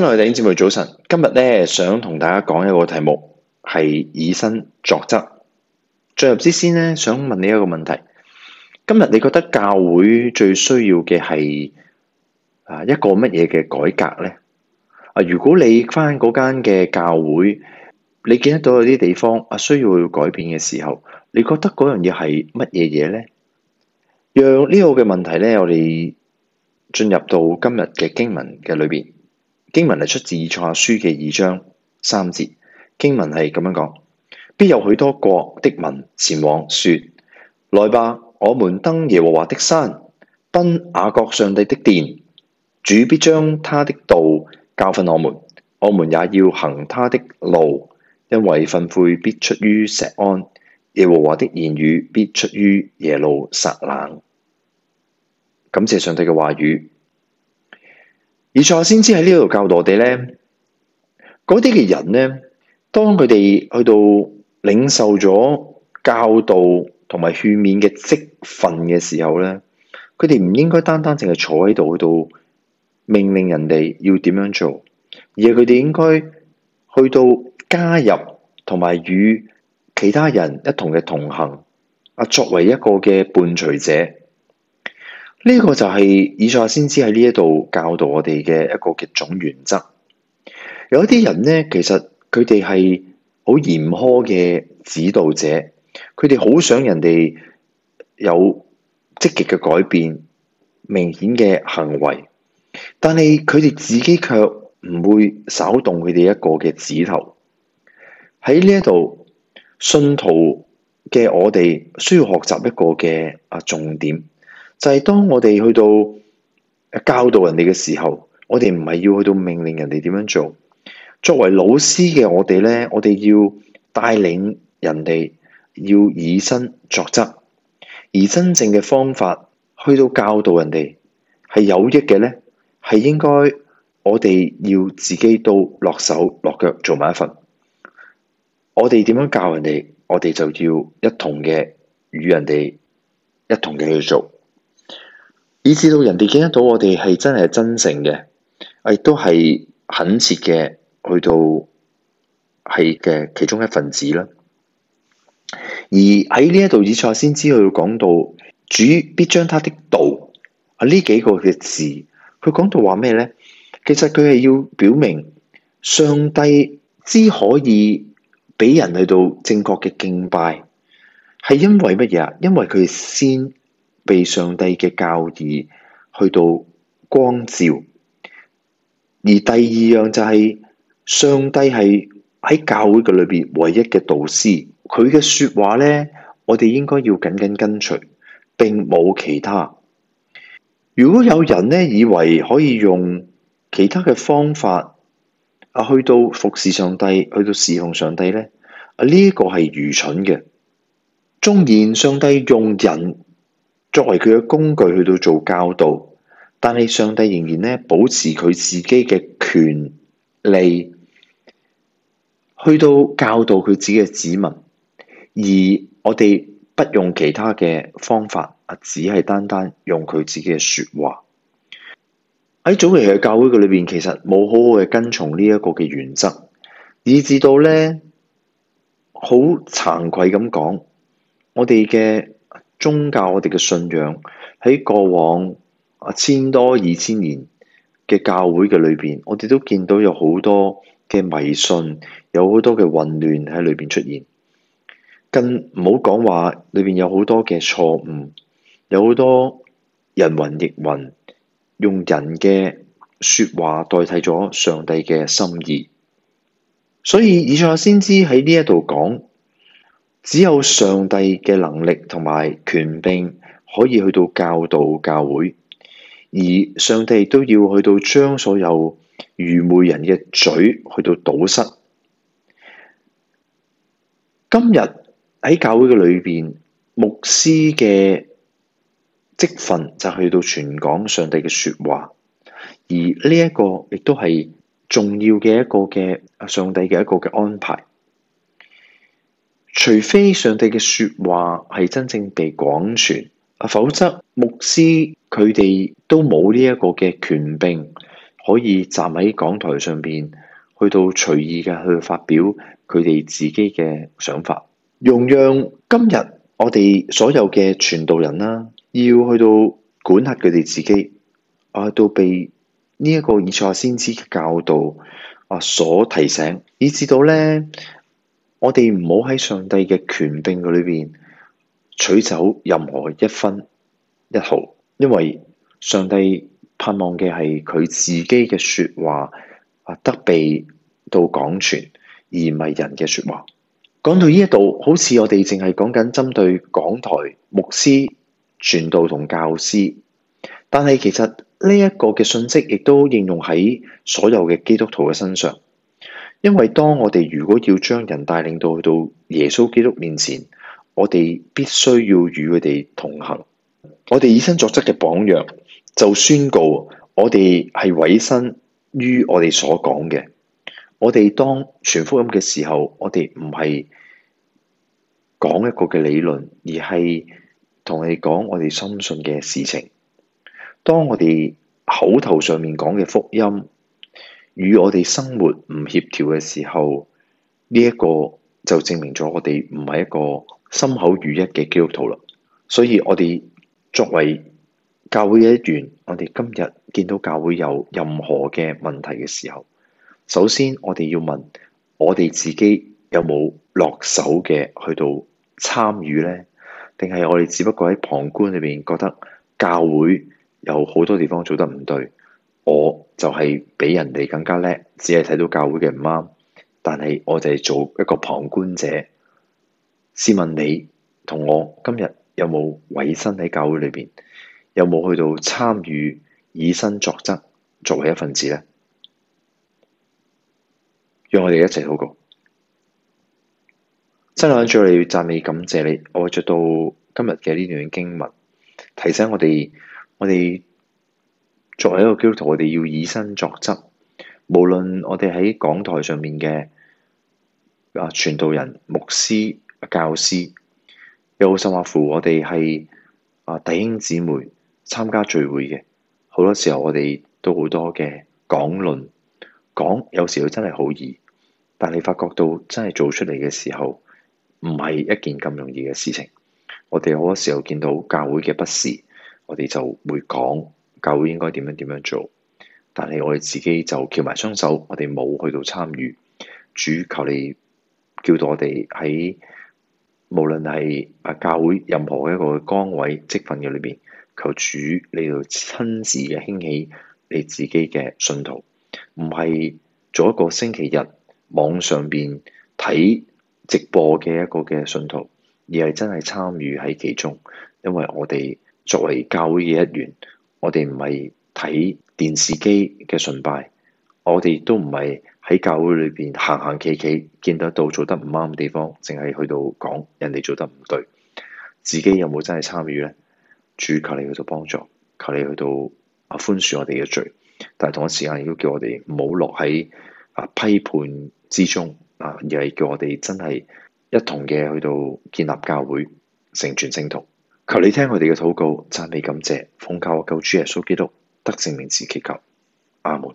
親愛的姊妹早晨，今日咧想同大家講一個題目，係以身作則。進入之先咧，想問你一個問題：今日你覺得教會最需要嘅係啊一個乜嘢嘅改革呢？啊，如果你翻嗰間嘅教會，你見得到有啲地方啊需要改變嘅時候，你覺得嗰樣嘢係乜嘢嘢呢？讓呢個嘅問題咧，我哋進入到今日嘅經文嘅裏邊。經文係出自《以賽亞》書嘅二章三節，經文係咁樣講：必有許多國的民前往說，來吧，我們登耶和華的山，奔雅各上帝的殿。主必將他的道教訓我們，我們也要行他的路，因為訓誨必出於錫安，耶和華的言語必出於耶路撒冷。感謝上帝嘅話語。而賽先知喺呢度教導我哋咧，嗰啲嘅人咧，當佢哋去到領受咗教導同埋勸勉嘅職份嘅時候咧，佢哋唔應該單單淨係坐喺度去到命令人哋要點樣做，而係佢哋應該去到加入同埋與其他人一同嘅同行，啊，作為一個嘅伴隨者。呢個就係以賽亞先知喺呢一度教導我哋嘅一個嘅總原則。有一啲人呢，其實佢哋係好嚴苛嘅指導者，佢哋好想人哋有積極嘅改變、明顯嘅行為，但係佢哋自己卻唔會稍動佢哋一個嘅指頭。喺呢一度，信徒嘅我哋需要學習一個嘅啊重點。就係當我哋去到教導人哋嘅時候，我哋唔係要去到命令人哋點樣做。作為老師嘅我哋咧，我哋要帶領人哋，要以身作則。而真正嘅方法去到教導人哋係有益嘅咧，係應該我哋要自己都落手落腳做埋一份。我哋點樣教人哋，我哋就要一同嘅與人哋一同嘅去做。以致到人哋見得到我哋係真係真誠嘅，亦都係懇切嘅，去到係嘅其中一份子啦。而喺呢一度以賽先知去講到主必將他的道啊呢幾個嘅字，佢講到話咩咧？其實佢係要表明上帝只可以俾人去到正確嘅敬拜，係因為乜嘢啊？因為佢先。被上帝嘅教義去到光照，而第二樣就係、是、上帝係喺教會嘅裏邊唯一嘅導師，佢嘅說話呢，我哋應該要緊緊跟隨，並冇其他。如果有人呢，以為可以用其他嘅方法啊去到服侍上帝，去到侍奉上帝呢，啊呢一個係愚蠢嘅。縱然上帝用人。作為佢嘅工具去到做教導，但係上帝仍然咧保持佢自己嘅權利，去到教導佢自己嘅子民，而我哋不用其他嘅方法，啊，只係單單用佢自己嘅說話。喺早期嘅教會嘅裏邊，其實冇好好嘅跟從呢一個嘅原則，以至到咧好慚愧咁講，我哋嘅宗教我哋嘅信仰喺過往千多二千年嘅教會嘅裏邊，我哋都見到有好多嘅迷信，有好多嘅混亂喺裏邊出現，更唔好講話裏邊有好多嘅錯誤，有好多人云亦云，用人嘅說話代替咗上帝嘅心意，所以以賽亞先知喺呢一度講。只有上帝嘅能力同埋權柄可以去到教導教會，而上帝都要去到將所有愚昧人嘅嘴去到堵塞。今日喺教會嘅裏邊，牧師嘅職份就去到傳講上帝嘅說話，而呢一個亦都係重要嘅一個嘅上帝嘅一個嘅安排。除非上帝嘅說話係真正被廣傳，啊，否則牧師佢哋都冇呢一個嘅權柄，可以站喺講台上邊，去到隨意嘅去發表佢哋自己嘅想法。容讓今日我哋所有嘅傳道人啦，要去到管轄佢哋自己，啊，到被呢一個以賽先知嘅教導啊所提醒，以至到呢。我哋唔好喺上帝嘅權柄裏邊取走任何一分一毫，因為上帝盼望嘅係佢自己嘅說話啊得被到講全，而唔係人嘅說話。講到呢一度，好似我哋淨係講緊針對港台牧師傳道同教師，但係其實呢一個嘅信息，亦都應用喺所有嘅基督徒嘅身上。因為當我哋如果要將人帶領到去到耶穌基督面前，我哋必須要與佢哋同行，我哋以身作則嘅榜樣，就宣告我哋係委身於我哋所講嘅。我哋當傳福音嘅時候，我哋唔係講一個嘅理論，而係同你講我哋深信嘅事情。當我哋口頭上面講嘅福音，與我哋生活唔協調嘅時候，呢一個就證明咗我哋唔係一個心口如一嘅基督徒啦。所以我哋作為教會嘅一員，我哋今日見到教會有任何嘅問題嘅時候，首先我哋要問我哋自己有冇落手嘅去到參與呢？定係我哋只不過喺旁觀裏邊覺得教會有好多地方做得唔對？我就係比人哋更加叻，只係睇到教會嘅唔啱，但係我哋做一個旁觀者。試問你同我今日有冇委身喺教會裏邊？有冇去到參與以身作則，作為一份子呢？讓我哋一齊禱告。真主，我哋讚美感謝你，我哋讀到今日嘅呢段經文，提醒我哋，我哋。作為一個基督徒，我哋要以身作則。無論我哋喺講台上面嘅啊傳道人、牧師、教師，又甚至乎，我哋係啊弟兄姊妹參加聚會嘅，好多時候我哋都好多嘅講論，講有時候真係好易，但你發覺到真係做出嚟嘅時候，唔係一件咁容易嘅事情。我哋好多時候見到教會嘅不是，我哋就會講。教會應該點樣點樣做，但係我哋自己就翹埋雙手，我哋冇去到參與。主求你叫到我哋喺無論係啊教會任何一個崗位職份嘅裏邊，求主你度親自嘅興起你自己嘅信徒，唔係做一個星期日網上邊睇直播嘅一個嘅信徒，而係真係參與喺其中，因為我哋作為教會嘅一員。我哋唔係睇電視機嘅崇拜，我哋都唔係喺教會裏邊行行企企，見得到做得唔啱嘅地方，淨係去到講人哋做得唔對，自己有冇真係參與呢？主求你去到幫助，求你去到啊寬恕我哋嘅罪，但係同一時間亦都叫我哋唔好落喺啊批判之中啊，而係叫我哋真係一同嘅去到建立教會、成全聖徒。求你聽我哋嘅禱告，讚美感謝，奉靠我救主耶穌基督得勝名字祈求，阿門。